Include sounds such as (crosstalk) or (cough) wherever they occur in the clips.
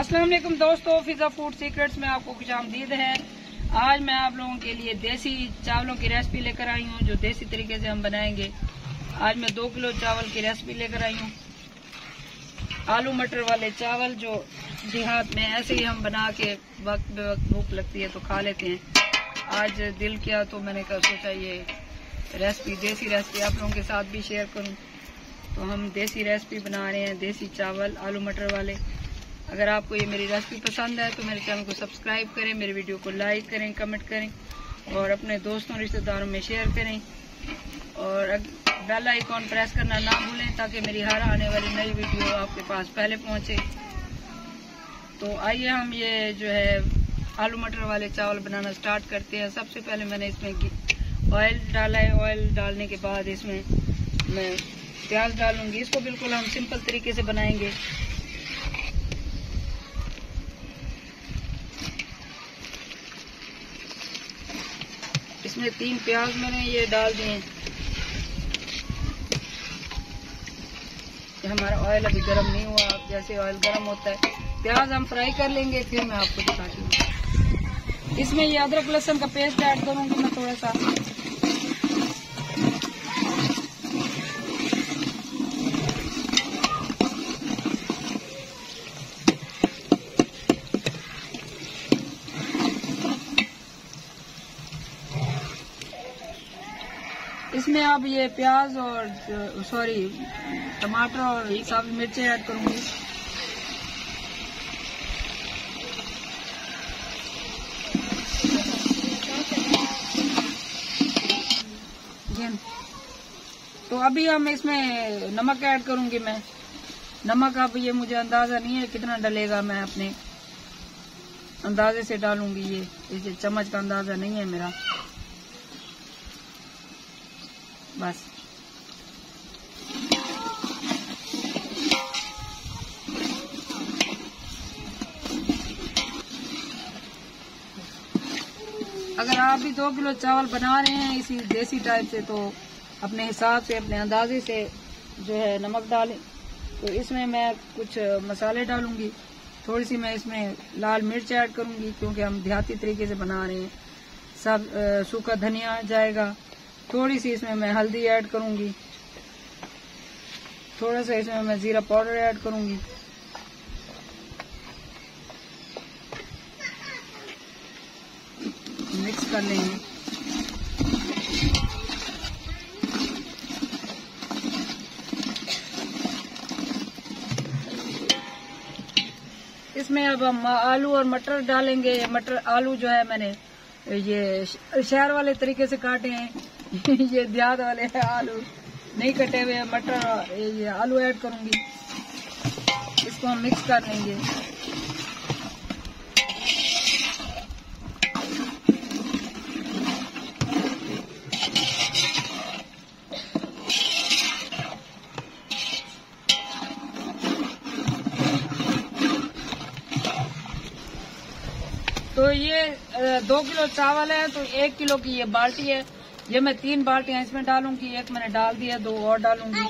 असलम दोस्तों Fiza food secrets में आपको खुश आमदीद है आज मैं आप लोगों के लिए देसी चावलों की रेसिपी लेकर आई हूँ जो देसी तरीके से हम बनाएंगे आज मैं दो किलो चावल की रेसिपी लेकर आई हूँ आलू मटर वाले चावल जो देहात में ऐसे ही हम बना के वक्त बे वक्त भूख लगती है तो खा लेते हैं आज दिल किया तो मैंने कहा सोचा ये रेसिपी देसी रेसिपी आप लोगों के साथ भी शेयर करूँ तो हम देसी रेसिपी बना रहे हैं देसी चावल आलू मटर वाले अगर आपको ये मेरी रेसिपी पसंद है तो मेरे चैनल को सब्सक्राइब करें मेरी वीडियो को लाइक करें कमेंट करें और अपने दोस्तों रिश्तेदारों में शेयर करें और बेल आइकॉन प्रेस करना ना भूलें ताकि मेरी हर आने वाली नई वीडियो आपके पास पहले पहुंचे तो आइए हम ये जो है आलू मटर वाले चावल बनाना स्टार्ट करते हैं सबसे पहले मैंने इसमें ऑयल डाला है ऑयल डालने के बाद इसमें मैं प्याज डालूंगी इसको बिल्कुल हम सिंपल तरीके से बनाएंगे इसमें तीन प्याज मैंने ये डाल दिए हमारा ऑयल अभी गर्म नहीं हुआ आप जैसे ऑयल गर्म होता है प्याज हम फ्राई कर लेंगे फिर मैं आपको दिखा दूंगी इसमें ये अदरक लहसुन का पेस्ट ऐड करूंगी मैं थोड़ा सा इसमें अब ये प्याज और सॉरी टमाटर और सब मिर्चें ऐड करूंगी तो अभी हम इसमें नमक ऐड करूंगी मैं नमक अब ये मुझे अंदाजा नहीं है कितना डलेगा मैं अपने अंदाजे से डालूंगी ये इसे चम्मच का अंदाजा नहीं है मेरा बस अगर आप भी दो किलो चावल बना रहे हैं इसी देसी टाइप से तो अपने हिसाब से अपने अंदाजे से जो है नमक डालें तो इसमें मैं कुछ मसाले डालूंगी थोड़ी सी मैं इसमें लाल मिर्च ऐड करूंगी क्योंकि हम देहाती तरीके से बना रहे हैं सब सूखा धनिया जाएगा थोड़ी सी इसमें मैं हल्दी ऐड करूंगी थोड़ा सा इसमें मैं ज़ीरा पाउडर ऐड करूंगी मिक्स कर लेंगे इसमें अब हम आलू और मटर डालेंगे मटर आलू जो है मैंने ये शहर वाले तरीके से काटे हैं (laughs) ये देहात वाले है आलू नहीं कटे हुए मटर ये आलू ऐड करूंगी इसको हम मिक्स कर लेंगे तो ये दो किलो चावल है तो एक किलो की ये बाल्टी है ये मैं तीन बाल्टियां इसमें डालूंगी एक मैंने डाल दिया दो और डालूंगी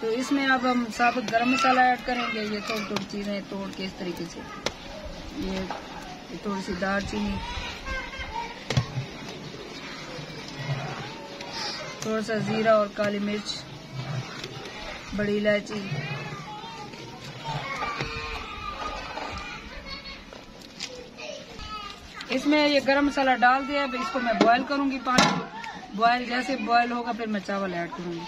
तो इसमें अब हम साबुत गरम मसाला ऐड करेंगे ये थोड़ी थोड़ी चीज़ें तोड़ के इस तरीके से ये थोड़ी सी दार चीनी थोड़ा सा ज़ीरा और काली मिर्च बड़ी इलायची इसमें ये गरम मसाला डाल दिया है इसको मैं बॉईल करूंगी पानी बॉईल जैसे बॉईल होगा फिर मैं चावल ऐड करूंगी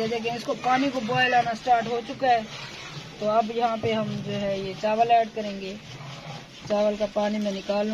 ये देखिए इसको पानी को बॉईल आना स्टार्ट हो चुका है तो अब यहाँ पे हम जो है ये चावल ऐड करेंगे चावल का पानी मैं निकाल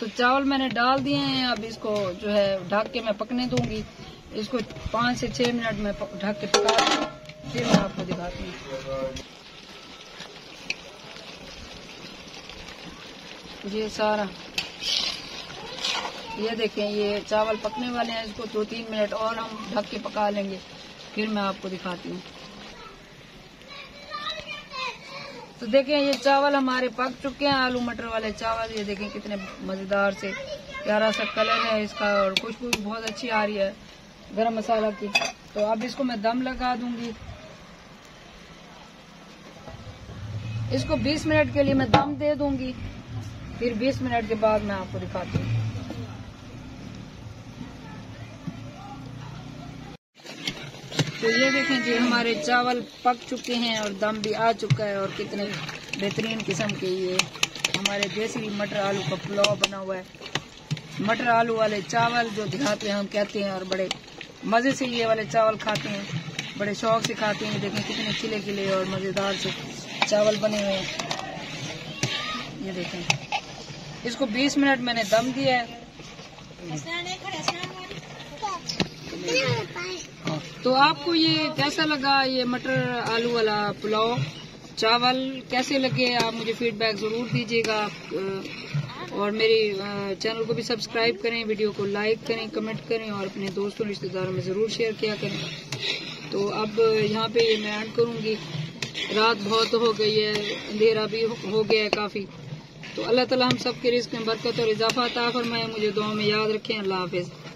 तो चावल मैंने डाल दिए हैं अब इसको जो है ढक के मैं पकने दूंगी इसको पाँच से छह मिनट में ढक के पका फिर मैं आपको दिखाती हूँ ये सारा ये देखें ये चावल पकने वाले हैं इसको दो तीन मिनट और हम ढक के पका लेंगे फिर मैं आपको दिखाती हूँ तो देखें ये चावल हमारे पक चुके हैं आलू मटर वाले चावल ये देखें कितने मज़ेदार से प्यारा सा कलर है इसका और खुशबू भी बहुत अच्छी आ रही है गरम मसाला की तो अब इसको मैं दम लगा दूंगी इसको 20 मिनट के लिए मैं दम दे दूंगी फिर 20 मिनट के बाद मैं आपको दिखाती हूँ तो ये देखें कि हमारे चावल पक चुके हैं और दम भी आ चुका है और कितने बेहतरीन किस्म के ये हमारे देसी मटर आलू का पुलाव बना हुआ है मटर आलू वाले चावल जो देहात में हम कहते हैं और बड़े मज़े से ये वाले चावल खाते हैं बड़े शौक से खाते हैं देखें कितने खिले खिले और मज़ेदार से चावल बने हुए हैं ये देखें इसको 20 मिनट मैंने दम दिया है तो आपको ये कैसा लगा ये मटर आलू वाला पुलाव चावल कैसे लगे आप मुझे फीडबैक ज़रूर दीजिएगा और मेरी चैनल को भी सब्सक्राइब करें वीडियो को लाइक करें कमेंट करें और अपने दोस्तों रिश्तेदारों में ज़रूर शेयर किया करें तो अब यहाँ पे मैं ऐड करूँगी रात बहुत हो गई है अंधेरा भी हो गया है काफ़ी तो अल्लाह ताला हम सब के रिस्क में बरकत और इजाफा अता फरमाए मुझे दुआ में याद रखें अल्लाह हाफिज़